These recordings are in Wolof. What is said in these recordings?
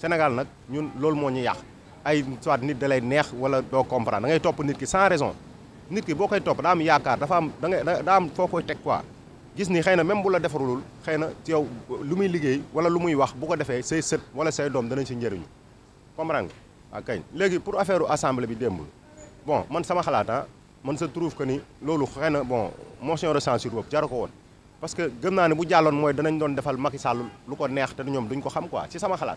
Sénégal nag ñun loolu moo ñu yàq ay soit nit da lay neex wala doo comprendre da ngay topp nit ki sans raison nit ki boo koy topp daa am yaakaar dafa am dangay ngay daa am foo koy teg quoi gis ni xëy na même bu la defarulul xëy na ci yow lu muy liggéey wala lu muy wax bu ko defee say sët wala say danañ ci njëriñu comprendre nga ak ah, kañ léegi pour affaire assemblée bi démbul bon man sama xalaata ah, man sa trouve que ni loolu xëy na bon motion de censure boobu jaru ko woon parce que gëm naa ne bu jàlloon mooy danañ doon defal Macky Sall lu ko neex te ñoom duñ ko xam quoi ci sama xalaat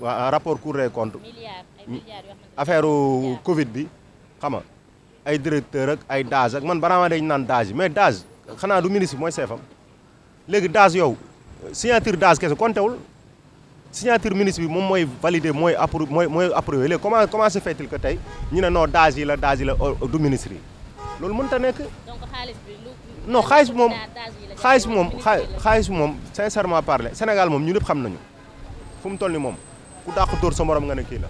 waaw rapport cour des comptes affaire Covid bi xam nga ay directeur ak ay DAGE ak man baraama dañ naan DAGE mais DAGE xanaa du ministre mooy chef am léegi DAGE yow signature DAGE kese comptewul signature ministre bi moom mooy validé mooy approuvé mooy mooy approuvé léegi comment comment se fait tey ñu ne non DAGE yi la DAGE yi la du ministre yi loolu mën ta nekk. donc xaalis bi lu. xaalis bi moom xaalis bi moom xaalis bi moom parler Sénégal moom ñu lépp xam nañu. fu mu toll nii moom ku dàq dóor sa morom nga ne kii la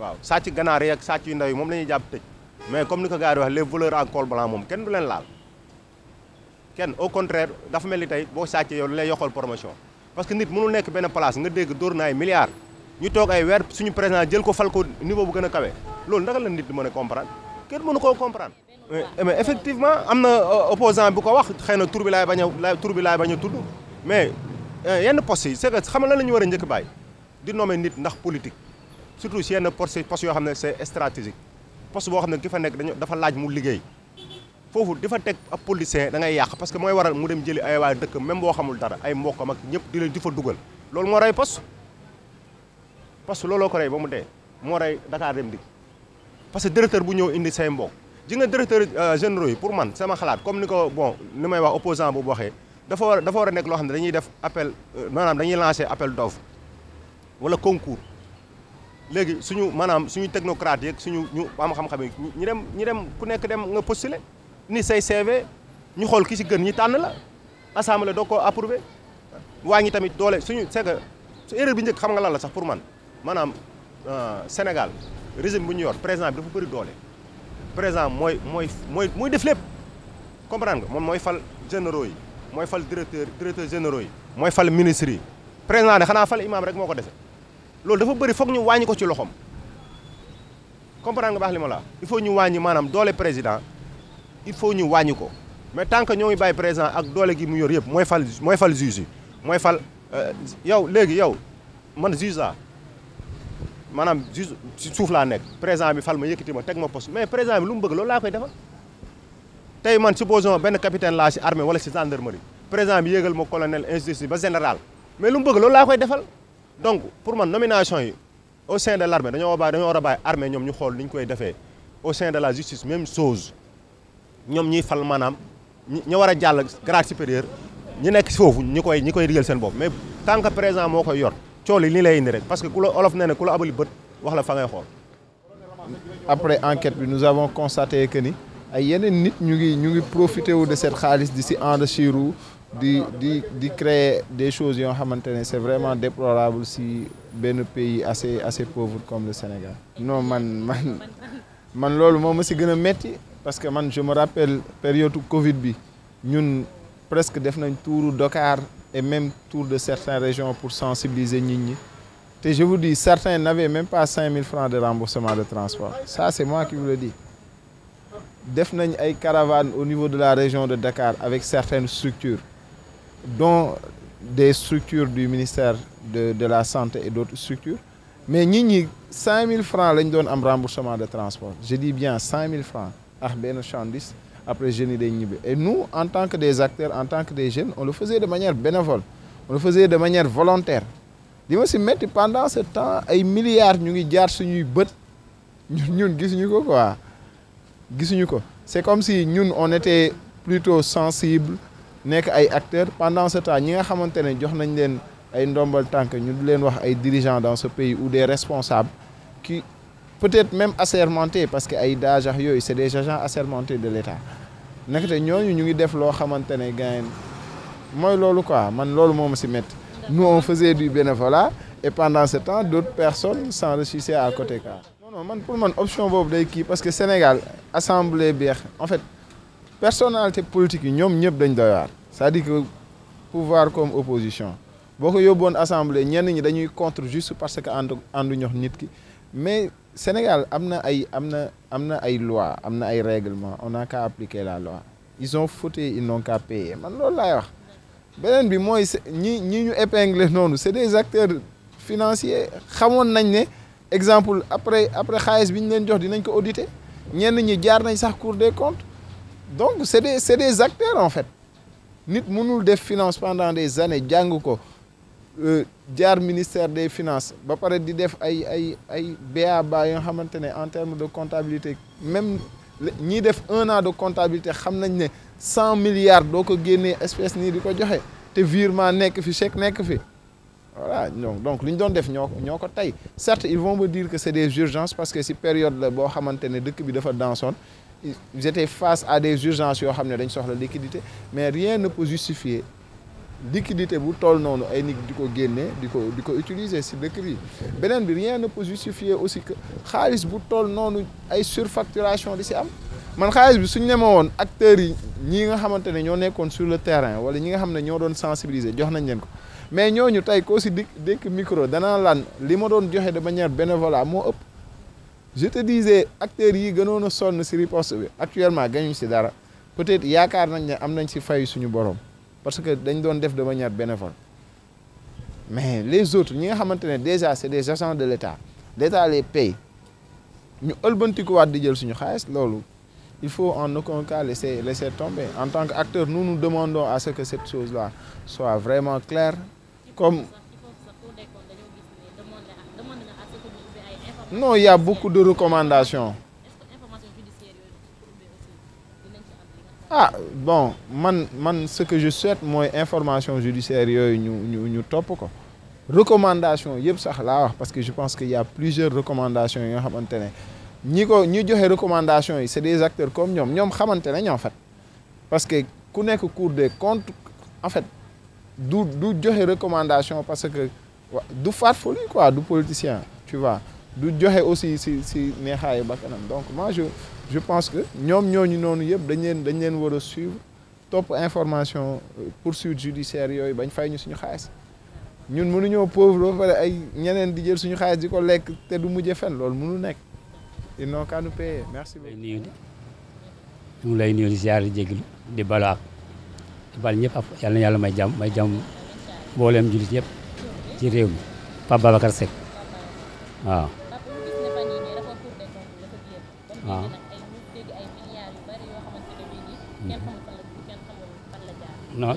waaw sàcc ganaar yi ak sàcc yu ndaw yi moom la ñuy jàpp tëj mais comme ni ko gars yi wax les voleurs en col blanc moom kenn leen laal kenn au contraire dafa mel ni tey boo sàccee yow lay yokkal promotion parce que nit mënul nekk benn place nga dégg dóor ay milliards ñu toog ay weer suñu président jël ko fal ko niveau bu a kawe loolu naka la nit di mën a comprendre kenn mënu koo comprendre mais effectivement am na euh, opposant bu ko wax xëy na tur bi laay bañ a tur bi laay bañ a tudd mais Eh, yenn poste yi c'est que xam lan la ñu war a njëkk bàyyi di nommé nit ndax politique surtout si yenn postes postes yoo xam ne c'est stratégique poste boo xam ne ki fa nekk dañu dafa laaj mu liggéey foofu di fa teg ab politicien da ngay yàq parce que mooy waral mu dem jëli ay waa dëkk même boo xamul dara ay mbokkam ak ñëpp di leen di fa dugal loolu moo rey poste poste looloo ko rey ba mu dee moo rey Dakar dem dik parce que directeur bu ñëw indi say mbokk ji nga directeur euh, généraux yi pour man sama xalaat comme ni ko bon ni may wax opposant bu waxee dafa war dafa war a nekk loo xam ne dañuy def appel euh, maanaam dañuy lancé appel d'offre wala concours léegi suñu maanaam suñu technocrate yeeg suñu ñu am xam-xam yi ñu dem ñu dem ku nekk dem nga postuler ni say CV ñu xool ki si gën ñi tànn la assemblée doo ko approuvé waa ngi tamit doole suñu c'est que su erreur bi njëkk xam nga sax pour man maanaam euh, Sénégal régime bu ñu yor président bi dafa bëri doole président mooy mooy mooy mooy def lépp comprendre moom mooy fal généraux yi moy fal directeur directeur généraux je fal ministre Le président ne fal imam comprendre la il faut ñu wañi manam doole président il faut ñu wàññi ko mais tant que ñoy ngi président ak doole gi mu yor fal fal juge moy fal euh, yow yow man juge président bi fal ma mais président bi lu tay man supposons ben capitaine laa si armée wala ci gendarmerie président bi yégal ma colonel institut ba général mais lu mu bëgg loolu la koy défal donc pour man nomination yi au sein de l'armée armée dañoo bàyyi dañoo wara a armée ñom ñu xol niñ koy défé au sein de la justice même chose ñom ñi fal manam ñi wara a grade supérieur ñi nek fofu ñi koy ñi koy digal sen bop mais tant que président moo koy yor cioli yi lay indi rek parce que ku olof nee na ku la abali bët wax la fa ngay xol après enquête bi nous avons constaté que ni. Il nit ñu ngi ñu ngi profité de cette chalice di en enrichir di di di créer des choses yo c'est vraiment déplorable si un pays assez assez pauvre comme le Sénégal. non man man man parce que man je me rappelle période Covid bi ñun presque def nañ touru Dakar et même tour de certaines régions pour sensibiliser nit ñi. Et je vous dis, certains n'avaient même pas 5000 francs de remboursement de transport. Ça, c'est moi qui vous le dis def nañ ay caravanes au niveau de la région de Dakar avec certaines structures dont des structures du ministère de la santé et d'autres structures mais avons ñi 5 000 francs à' doon remboursement de transport je dis bien 5 000 francs ah ben chandis après le génie des et nous en tant que des acteurs en tant que des jeunes on le faisait de manière bénévole on le faisait de manière volontaire Je moi si pendant ce temps ay milliards ñu ngi suñuy ñun ñun quoi c'est comme si nous on était plutôt sensibles nek ay acteurs pendant ce temps nous avons des jox nañ leen ay ndombal ñu dirigeants dans ce pays ou des responsables qui peut-être même assermentés parce que ay dajax c'est des agents assermentés de l'État té ñoñu ñu ngi def lo xamantene gaayen moy lolu quoi man lolu si nous on faisait du bénévolat et pendant ce temps d'autres personnes s'enrichissaient à côté non man pour moi, l'option est day option parce que Sénégal l'Assemblée, en fait personnalité politique c'est-à-dire que pouvoir comme opposition avez une bonne assemblée vous ñi contre juste parce que ànd àndu ñox Mais le mais Sénégal il y a une loi, il ay loi règlement on a qu'à appliquer la loi ils ont foutu, ils n'ont qu'à payer man c'est wax beneen bi moy ñi ñi ñu épingler c'est des acteurs financiers xamone nañ exemple après après xaalis biñ ñu leen jox dinañ ko auditer ñen ñi jaar nañ sax cour des comptes donc c'est des c'est des acteurs en fait nit mënul def finance pendant des années jang ko euh, jaar ministère des finances ba paré di def ay ay ay BA ba yo xamantene en termes de comptabilité même ñi def un an de comptabilité xam nañ ne 100 milliards doo ko génnee espèce ni di ko joxe te virement nekk fi chèque nekk fi voilà donc donc li ñu doon def ñoo ko certes ils vont me dire que c'est des urgences parce que si période la boo xamante ne dëkk bi dafa dansoon ils face à des urgences yoo xam dañ soxla liquidité mais rien ne peut justifier liquidité bu tout le ay nit du coup génne du coup utiliser si dëkk bi beneen bi rien ne peut justifier aussi que Khalis, bu toll noonu ay surfacturation di si am man xaalis bi suñ neme woon acteurs yi ñi nga xamante ne ñoo sur le terrain wala ñi nga xam ne ñoo doon sensibiliser jox nañ ko mais ñooñu ko ci si dékk micro dana lan li ma doon joxe de manière bénévolat mo upp je te disais acteurs yi gënoon son ci si riposte bi actuellement gañuñ ci dara peut-être yaakar nañ ne am nañ ci fay suñu borom parce que dañ doon def de manière bénévole mais les autres ñi nga xamante déjà c'est des agents de l'État l'État les paye ñu ëlbantikuwaat di jël suñu xaalis loolu il faut en aucun cas laisser laisser tomber en tant qu'acteur nous nous demandons à ce que cette chose-là soit vraiment claire non il y a beaucoup de recommandations ah bon man man ce que je souhaite moi, information judiciaire nous, nous, nous ñu quoi. ko recommandation parce que je pense qu'il y a plusieurs recommandations Nous, nous recommandations c'est des acteurs comme nous, nous, nous nous en fait. parce que ku au cours des comptes en fait du du joxe recommandation parce que du folie quoi du politicien tu vois du joxe aussi si si neexaayu bakanam donc moi je je pense que ñoom ñooñu noonu yëpp dañ leen dañ leen war suivre top information euh, poursuite judiciaire yoy bañ fay ñu suñu xaliss ñun mënuñoo pauvre ba ay ñeneen di jël suñu xaliss di ko lekk te du mujjé fen lool mënu nek ils n'ont qu'à nous payer merci beaucoup. ñu lay ñu ziar di di balaa bal ñëpp af yal na yàlla may jàmm may jàmm mbooleem jullit ñëpp ci réew mi Pape Babacar Seck waaw waaw non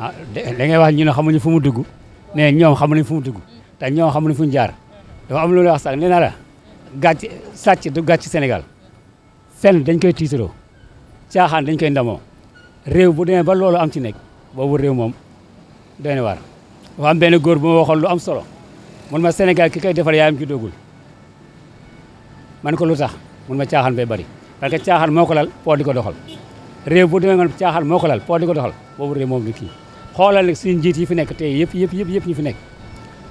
ah da wax ñu xamuñu fu mu dugg ne ñoom xamuñu fu mu dugg te ñoom xamuñu fu mu jaar dafa am loolu la wax sax nee gàcc sàcc du gàcc Sénégal fenn dañ koy tiitaroo caaxaan dañ koy ndamoo réew bu demee ba loolu am ci nekk boobu réew moom doy na waar dafa am benn góor bu ma waxoon lu am solo mun ma senegal ki koy defar yaayam ci dogul man ko lu tax mun ma caaxaan bay bari parce que caaxaan moo ko lal poo di ko doxal réew bu demee man caaxaan moo lal poo di ko doxal boobu réew moom du kii xoolal nag suñu njiit yi fi nekk tey yëpp yëpp yëpp yëpp ñu fi nekk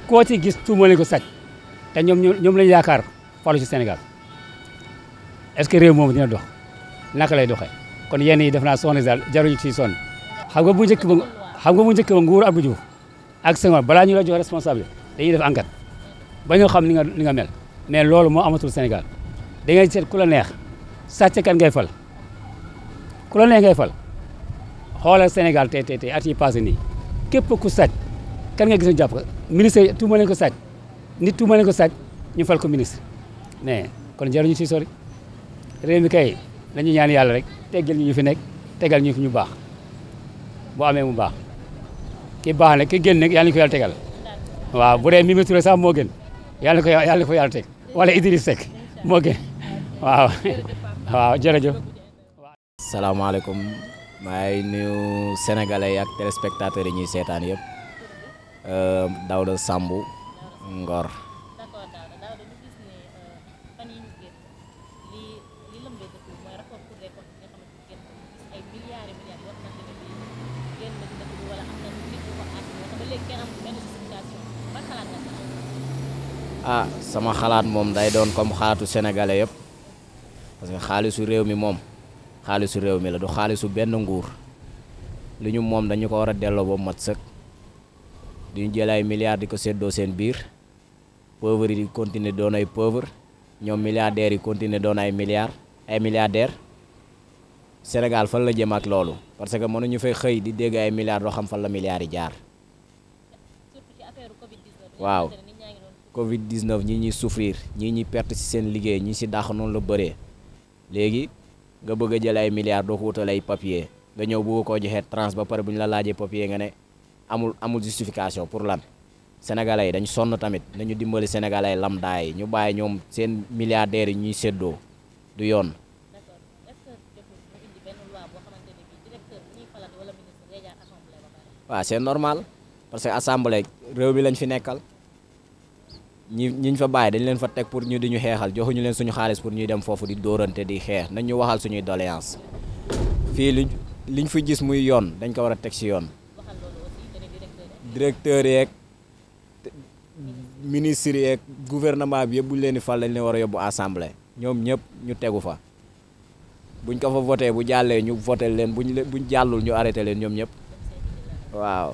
koo ci gis tuumale ko sàcc te ñoom ñoom lañu yaakaar falu ci Sénégal est-ce que réew moom dina dox naka lay doxee kon yenn yi def naa soxna si daal jaruñu ciy sonn xam nga bu njëkk ba xam bu njëkk ba nguur Abdou ak Senghor balaa ñu la jox responsable dañuy def enquête ba ñu xam ni nga ni nga mel mais loolu moo amatul Sénégal da ngay seet ku neex sàcckat ngay fal ku la neex ngay fal xoolal Sénégal tey tey at yi passé nii képp ku sàcc kan nga gis jàpp ko ministre yi tuuma leen ko sàcc nit tuuma leen ko sàcc ñu fal ko ministre mais kon jaruñu ciy sori réew kay dañu ñaan yàlla rek teggal ñu fi nekk tegal ñu fi ñu baax bu amee mu baax ki baax nag ki gën nag yàlla ñu ko yàlla tegal waaw bu dee Mimi Touré sax moo gën yàlla ko yàlla ko yàlla teg wala Idriss Seck moo gën waaw waaw jërëjëf. salaamaaleykum maay nuyu sénégalais ak téléspectateurs yi ñuy seetaan yëpp euh, Daouda Samb Ngor. ah sama xalaat mom day don comme xalaatu sénégalais yépp parce que xaalisu réew mi mom xaalisu réew mi la du xaalisu benn nguur liñu mom dañu ko wara a bo mat sëk duñu jël ay milliards di ko séddoo seen biir pauvre yi di continuer doon ay pauvre ñom milliardaires yi continuer doon ay milliards ay milliardaires Sénégal fa la jëm ak loolu parce que ñu fay xey di dégg ay milliards doo xam fa la milliards jaar waaw Covid 19 ñi ñi souffrir ñi ñi perte ci seen liggéey ñi ci dàq non la bëree léegi nga bëgg jël ay milliards do ko wutal ay papier nga ñëw bu ko joxee trans ba pare buñ la laajee papier nga ne amul amul justification pour lan sénégalais dañ sonn tamit nañu dimbali sénégalais lam daay ñu baye ñom seen milliardaire ñi ñuy du yoon wa c'est normal parce que assemblée rew bi lañ fi nekkal ñi ñiñ fa bàyyi dañ leen fa teg pour ñu di ñu xeexal joxuñu leen suñu xaalis pour ñuy dem foofu di dóorante di xeex nañ ñu waxal suñuy doléance fii liñ liñ fi gis muy yoon dañ ko war a teg si yoon directeur yeeg ministre yeeg gouvernement bi yëpp buñ leen di fal dañ leen war a yóbbu assemblée ñoom ñëpp ñu tegu fa buñ ko fa voté bu jàllee ñu voté leen buñ buñ jàllul ñu arrêté leen ñoom ñëpp waaw